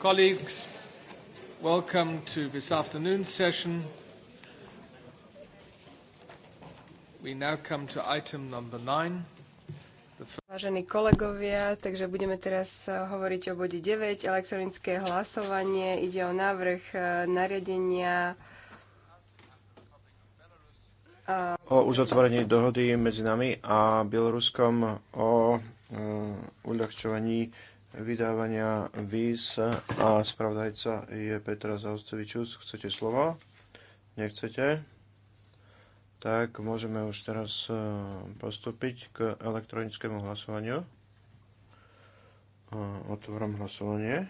Colleagues, welcome to this afternoon's session. We now come to item number nine. Vážení kolegovia, takže budeme teraz eh, hovoriť o bode 9, elektronické hlasovanie. Ide o návrh eh, nariadenia eh, o uzatvorení dohody medzi nami a Bieloruskom o uľahčovaní vydávania víz a spravodajca je Petra Zaustevičus. Chcete slovo? Nechcete? Tak môžeme už teraz e, postúpiť k elektronickému hlasovaniu. E, Otvorím hlasovanie.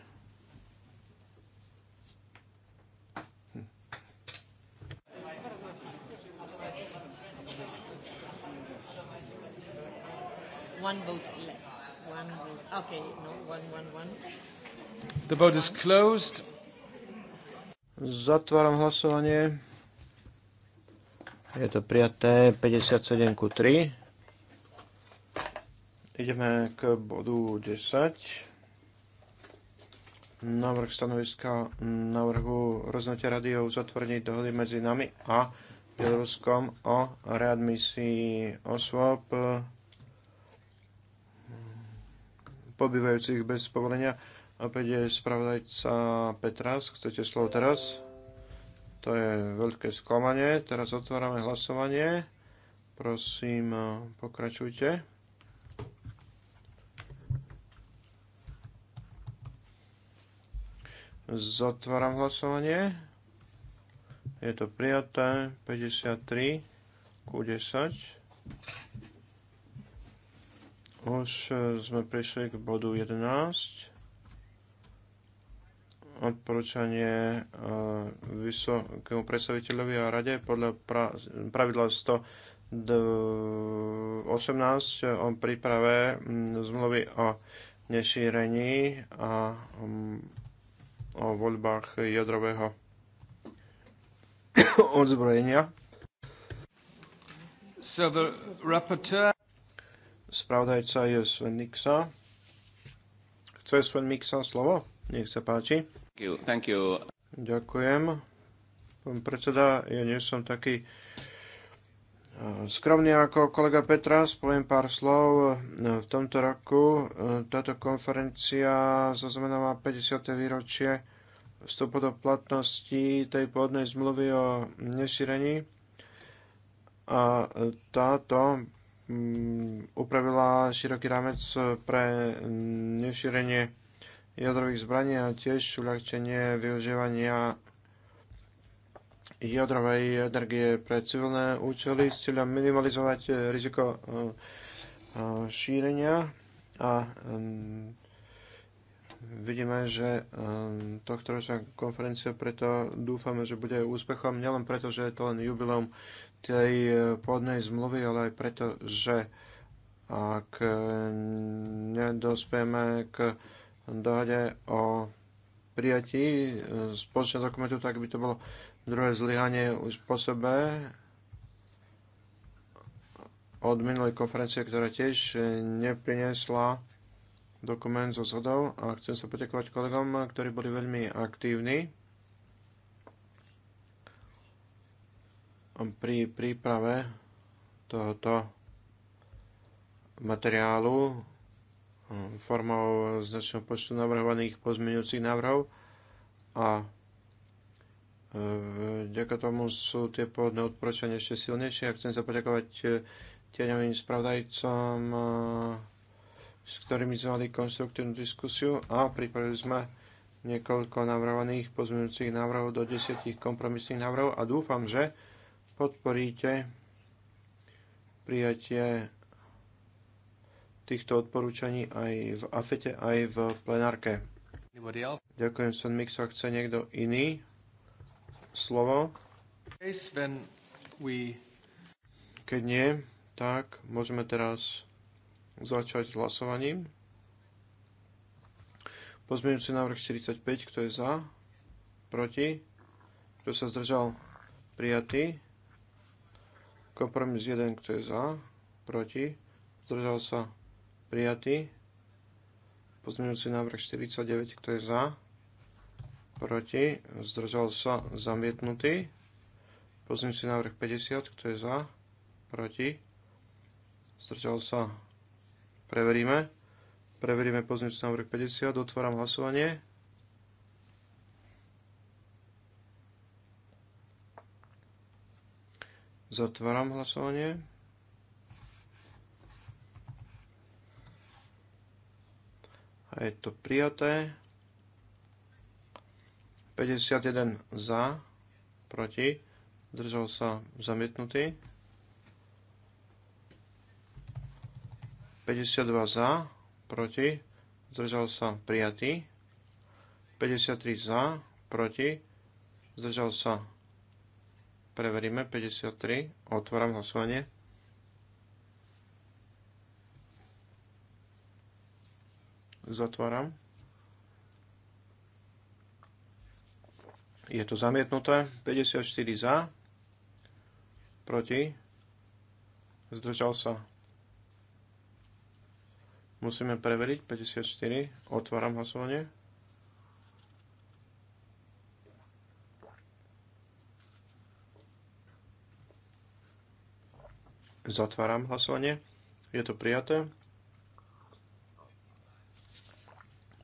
One vote Okay, no, one, one, one. The vote is closed. Zatváram hlasovanie. Je to prijaté 57 ku 3. Ideme k bodu 10. Návrh stanoviska návrhu rozhodnutia rady o uzatvorení dohody medzi nami a Bieloruskom o readmisii osôb pobývajúcich bez povolenia. Opäť je spravodajca Petras. Chcete slovo teraz? To je veľké sklamanie. Teraz otvárame hlasovanie. Prosím, pokračujte. Zatváram hlasovanie. Je to prijaté 53 ku 10. Už e, sme prišli k bodu 11. Odporúčanie e, vysokému predstaviteľovi a rade podľa pravidla 118 o príprave zmluvy o nešírení a o voľbách jadrového odzbrojenia. So the rapporteur... Spravodajca je Sven Mixa. Chce Sven Mixa slovo? Nech sa páči. Thank you. Thank you. Ďakujem. Pán predseda, ja nie som taký skromný ako kolega Petra spojím pár slov. No, v tomto roku e, táto konferencia zaznamenáva 50. výročie vstupu do platnosti tej pôvodnej zmluvy o nešírení. A e, táto Mm, upravila široký rámec pre nešírenie jadrových zbraní a tiež uľahčenie využívania jadrovej energie pre civilné účely s cieľom minimalizovať eh, riziko eh, eh, šírenia a mm, vidíme, že mm, tohto ročná konferencia preto dúfame, že bude úspechom, nielen preto, že je to len jubileum tej eh, pôvodnej zmluvy, ale aj preto, že ak eh, nedospieme k dohode o prijatí eh, spoločného dokumentu, tak by to bolo druhé zlyhanie už po sebe od minulej konferencie, ktorá tiež nepriniesla dokument so zhodou a chcem sa poďakovať kolegom, ktorí boli veľmi aktívni pri príprave tohoto materiálu hm, formou značného počtu navrhovaných pozmeňujúcich návrhov a e, vďaka tomu sú tie pôvodné odporúčania ešte silnejšie Ja chcem sa poďakovať e, tieňovým spravdajcom, e, s ktorými sme mali konstruktívnu diskusiu a pripravili sme niekoľko navrhovaných pozmeňujúcich návrhov do desiatich kompromisných návrhov a dúfam, že podporíte prijatie týchto odporúčaní aj v AFETE, aj v plenárke. Ďakujem, Mix, ak Chce niekto iný slovo? Keď nie, tak môžeme teraz začať s hlasovaním. Pozmeňujúci návrh 45, kto je za? Proti? Kto sa zdržal? Prijatý. Kompromis 1, kto je za, proti, zdržal sa, prijatý. Pozmeňujúci návrh 49, kto je za, proti, zdržal sa, zamietnutý. Pozmeňujúci návrh 50, kto je za, proti, zdržal sa, preveríme. Preveríme pozmeňujúci návrh 50, otváram hlasovanie. Zatváram hlasovanie. A je to prijaté. 51 za, proti, držal sa zamietnutý. 52 za, proti, zdržal sa prijatý. 53 za, proti, zdržal sa Preveríme 53. Otváram hlasovanie. Zatváram. Je to zamietnuté. 54 za. Proti. Zdržal sa. Musíme preveriť. 54. Otváram hlasovanie. Zatváram hlasovanie. Je to prijaté.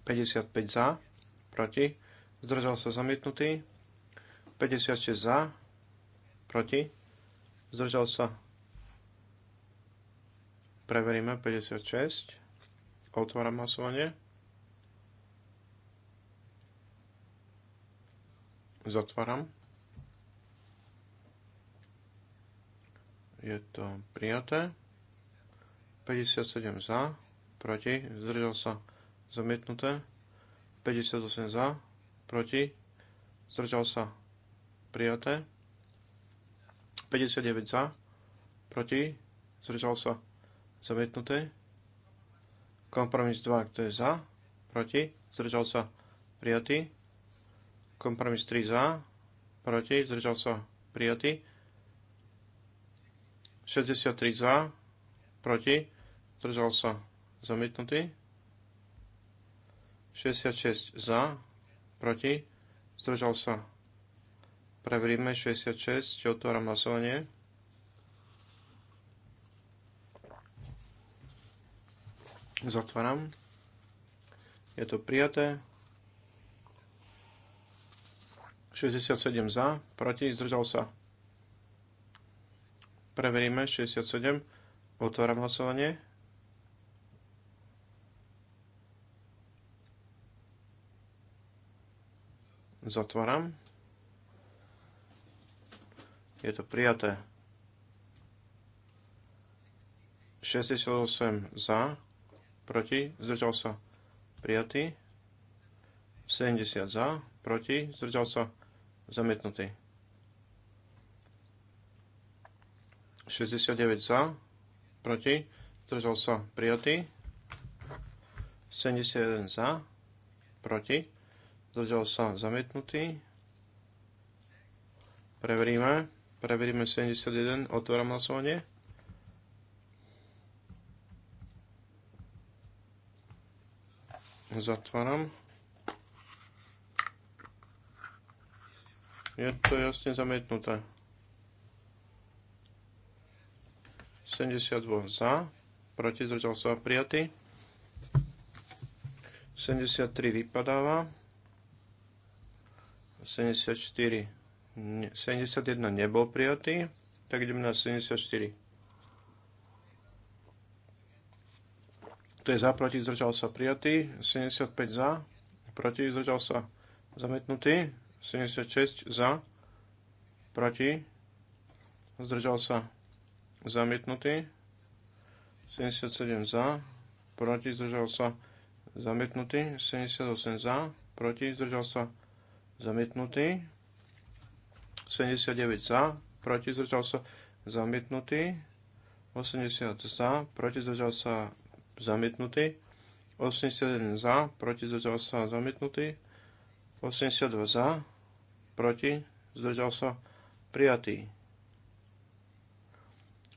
55 za, proti. Zdržal sa zamietnutý. 56 za, proti. Zdržal sa. Preveríme 56. Otváram hlasovanie. Zatváram. je to prijaté. 57 za, proti, zdržal sa zamietnuté. 58 za, proti, zdržal sa prijaté. 59 za, proti, zdržal sa zamietnuté. Kompromis 2, kto je za, proti, zdržal sa prijatý. Kompromis 3 za, proti, zdržal sa prijatý. 63 za, proti, zdržal sa zamietnutý. 66 za, proti, zdržal sa. Preveríme 66, otváram hlasovanie. Zatváram. Je to prijaté. 67 za, proti, zdržal sa Preveríme 67. Otváram hlasovanie. Zatváram. Je to prijaté. 68 za, proti, zdržal sa, prijatý. 70 za, proti, zdržal sa, zamietnutý. 69 za, proti, zdržal sa prijatý. 71 za, proti, zdržal sa zamietnutý. Preveríme, preveríme 71, otváram hlasovanie. Zatváram. Je to jasne zamietnuté. 72 za, proti zdržal sa prijatý. 73 vypadáva. 74. 71 nebol prijatý, tak ideme na 74. To je za, proti zdržal sa prijatý. 75 za, proti zdržal sa zametnutý. 76 za, proti zdržal sa zamietnutý. 77 za, proti, zdržal sa, zamietnutý. 78 za, proti, zdržal sa, zamietnutý. 79 za, proti, zdržal sa, zamietnutý. 80 za, proti, zdržal sa, zamietnutý. 81 za, proti, zdržal sa, zamietnutý. 82 za, proti, zdržal sa, prijatý.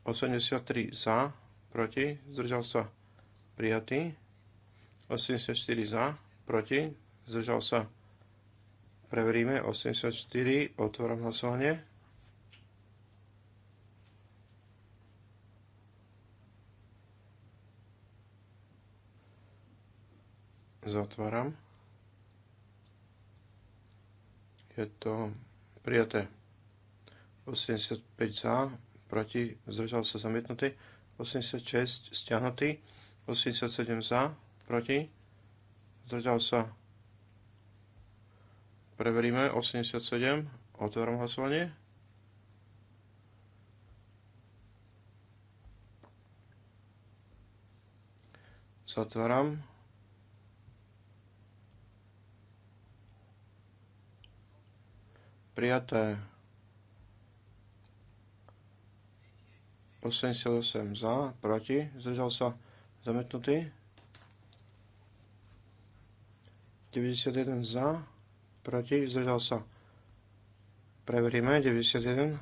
83 za, proti, zdržal sa prijatý. 84 za, proti, zdržal sa. Preveríme 84, otváram hlasovanie. Zatváram. Je to prijaté. 85 za, proti, zdržal sa zamietnutý, 86 stiahnutý, 87 za, proti, zdržal sa. Preveríme, 87, otváram hlasovanie. Zatváram. Prijaté. 88 za, proti, zdržal sa zametnutý. 91 za, proti, zdržal sa. Preveríme, 91.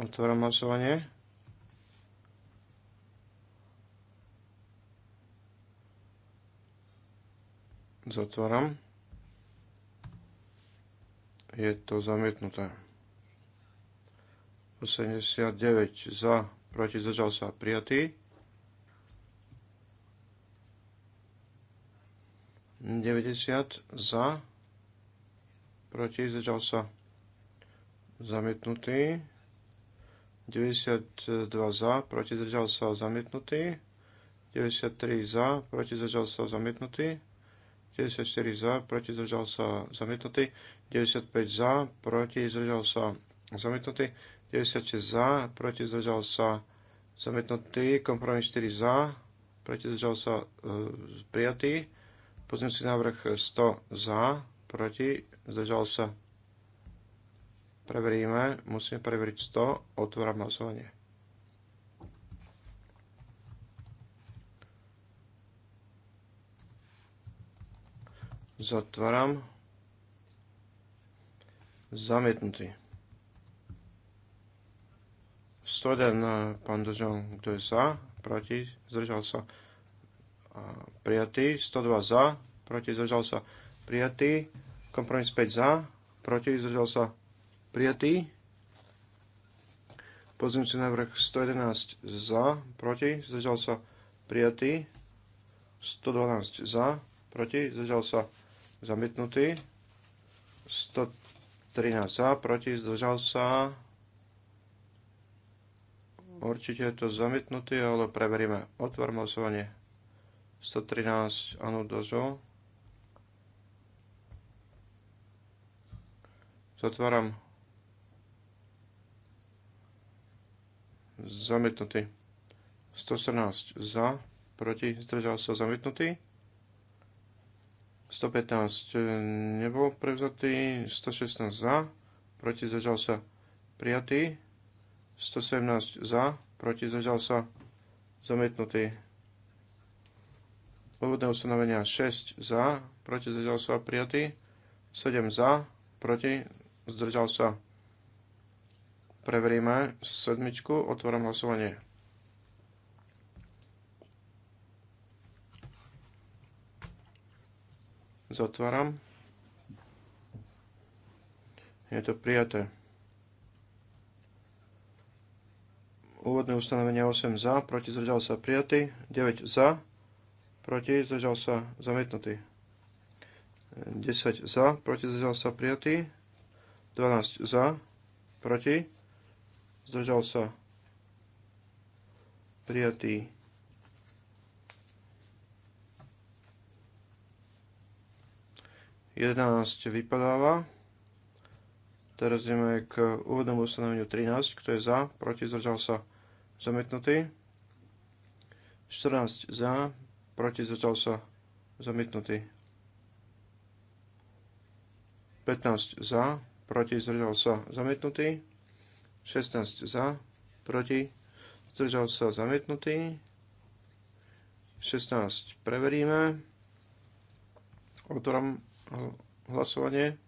Otváram hlasovanie. Zatváram. Je to zamietnuté. 89 za, proti zdržal sa prijatý. 90 za, proti zdržal sa zamietnutý. 92 za, proti zdržal sa zamietnutý. 93 za, proti zdržal sa zamietnutý. 94 za, proti zdržal sa zamietnutý. 95 za, proti zdržal sa zamietnutý, 96 za, proti zdržal sa zamietnutý, kompromis 4 za, proti zdržal sa uh, prijatý, si návrh 100 za, proti zdržal sa Preveríme, musíme preveriť 100, otváram hlasovanie. Zatváram. Zamietnutý. 101, pán Dožon, kto je za, proti, zdržal sa, prijatý. 102 za, proti, zdržal sa, prijatý. Kompromis 5 za, proti, zdržal sa, prijatý. Pozrite návrh 111 za, proti, zdržal sa, prijatý. 112 za, proti, zdržal sa, zamietnutý. 113 za, proti, zdržal sa, Určite je to zamietnutý, ale preveríme. Otvorím hlasovanie. 113, áno, dožo. Zatváram. Zamietnutý. 114 za, proti, zdržal sa zamietnutý. 115 e, nebol prevzatý, 116 za, proti zdržal sa prijatý. 117 za, proti zdržal sa zamietnutý. Úvodné ustanovenia 6 za, proti zdržal sa prijatý, 7 za, proti zdržal sa. Preveríme sedmičku, otvorím hlasovanie. Zatváram. Je to prijaté. Úvodné ustanovenia 8 za, proti zdržal sa prijatý, 9 za, proti zdržal sa zamietnutý. 10 za, proti zdržal sa prijatý, 12 za, proti zdržal sa prijatý. Jedenáct vypadáva. Teraz ideme k úvodnému ustanoveniu 13, kto je za, proti, zdržal sa zamietnutý. 14 za, proti zdržal sa zamietnutý. 15 za, proti zdržal sa zamietnutý. 16 za, proti zdržal sa zamietnutý. 16 preveríme. Otváram hlasovanie.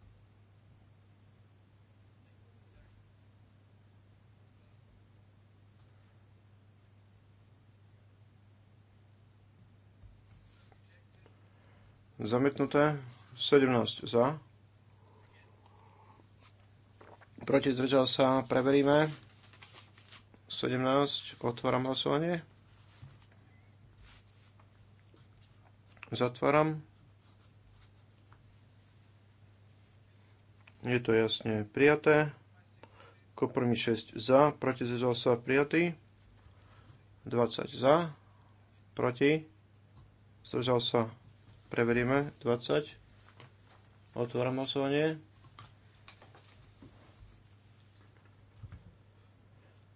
Zamietnuté. 17 za. Proti zdržal sa. Preveríme. 17. Otváram hlasovanie. Zatváram. Je to jasne prijaté. Koprmi 6 za, proti zdržal sa prijatý. 20 za, proti zdržal sa Preveríme 20. Otváram hlasovanie.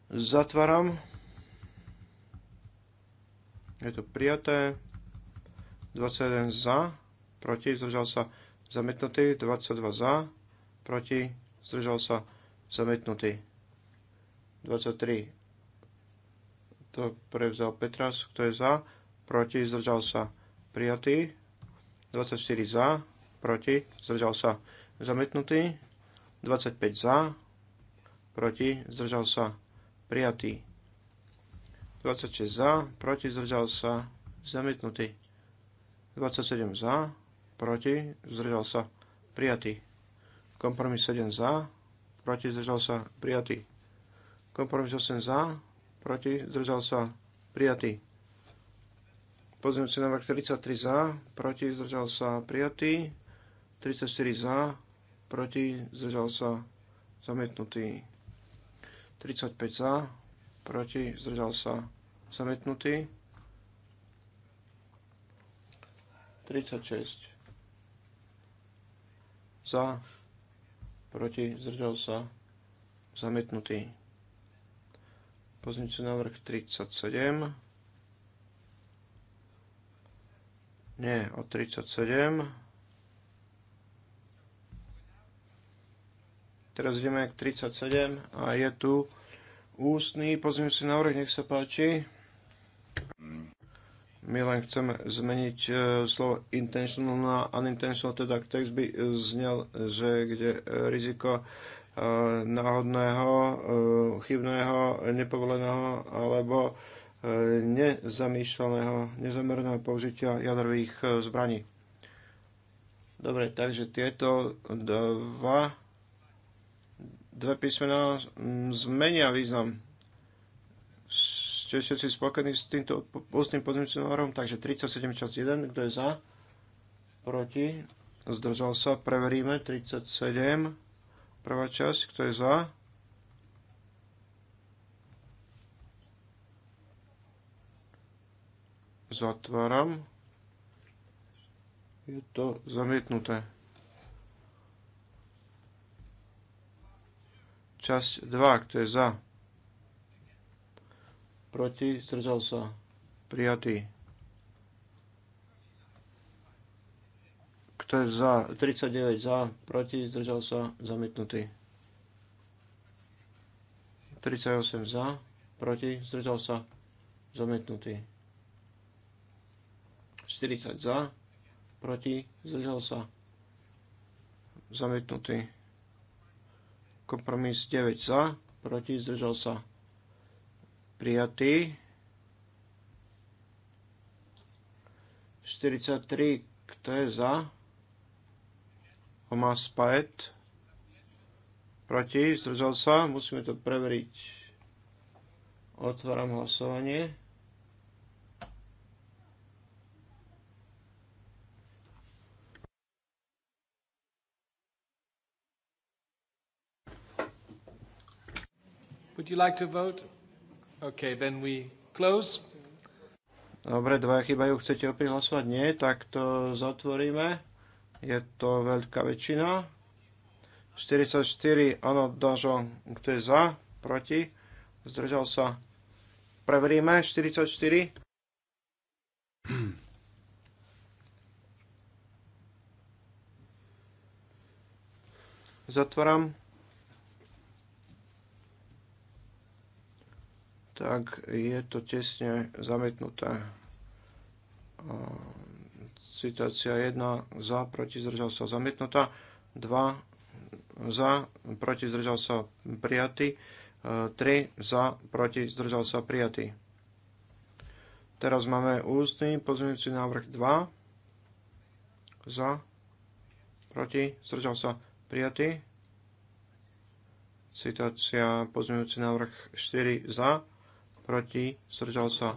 Zatváram. Je to prijaté. 21 za, proti, zdržal sa zamietnutý. 22 za, proti, zdržal sa zamietnutý. 23. To prevzal Petras, kto je za, proti, zdržal sa prijatý. 24 za, proti, zdržal sa zamietnutý, 25 za, proti, zdržal sa prijatý, 26 za, proti, zdržal sa zamietnutý, 27 za, proti, zdržal sa prijatý, kompromis 7 za, proti, zdržal sa prijatý, kompromis 8 za, proti, zdržal sa prijatý. Pozmeňujúci návrh 43 za, proti, zdržal sa prijatý. 34 za, proti, zdržal sa zamietnutý. 35 za, proti, zdržal sa zamietnutý. 36 za, proti, zdržal sa zamietnutý. Pozmeňujúci návrh 37 Nie, o 37. Teraz ideme k 37 a je tu ústny na návrh, nech sa páči. My len chceme zmeniť e, slovo intentional na unintentional, teda text by e, znel, že kde e, riziko e, náhodného, e, chybného, nepovoleného alebo e, E, nezamýšľaného, nezamerného použitia jadrových e, zbraní. Dobre, takže tieto dva, dve písmená mm, zmenia význam. Ste všetci spokojní s týmto ústnym pozemným návrhom, takže 37 čas 1, kto je za, proti, zdržal sa, preveríme, 37, prvá časť, kto je za, Zatváram. Je to zamietnuté. Časť 2, kto je za? Proti, zdržal sa. Prijatý. Kto je za? 39 za, proti, zdržal sa, zamietnutý. 38 za, proti, zdržal sa, zamietnutý. 40 za, proti, zdržal sa, zamietnutý. Kompromis 9 za, proti, zdržal sa, prijatý. 43, kto je za? Má Paet. Proti, zdržal sa, musíme to preveriť. Otváram hlasovanie. Would you like to vote? Okay, then we close. Dobre, dvaja chýbajú. Chcete opäť hlasovať? Nie, tak to zatvoríme. Je to veľká väčšina. 44, áno, dažo, kto je za, proti, zdržal sa. Preveríme, 44. Zatváram. tak je to tesne zametnuté. Citácia 1 za, proti, zdržal sa zametnutá, 2 za, proti, zdržal sa prijatý, 3 za, proti, zdržal sa prijatý. Teraz máme ústny pozmeňujúci návrh 2 za, proti, zdržal sa prijatý. Citácia pozmeňujúci návrh 4 za, proti, zdržal sa,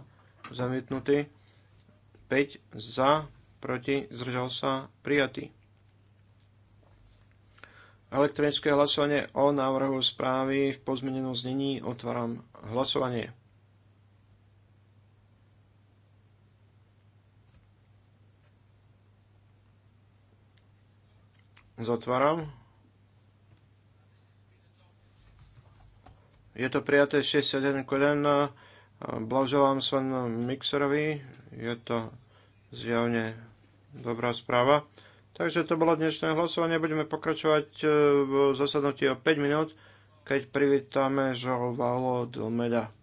zamietnutý. 5 za, proti, zdržal sa, prijatý. Elektronické hlasovanie o návrhu správy v pozmenenom znení otváram hlasovanie. Zatváram. Je to prijaté 61 k Blažovám sa Mixerovi. Je to zjavne dobrá správa. Takže to bolo dnešné hlasovanie. Budeme pokračovať e, v zasadnutí o 5 minút, keď privítame Žoval Dlmeda.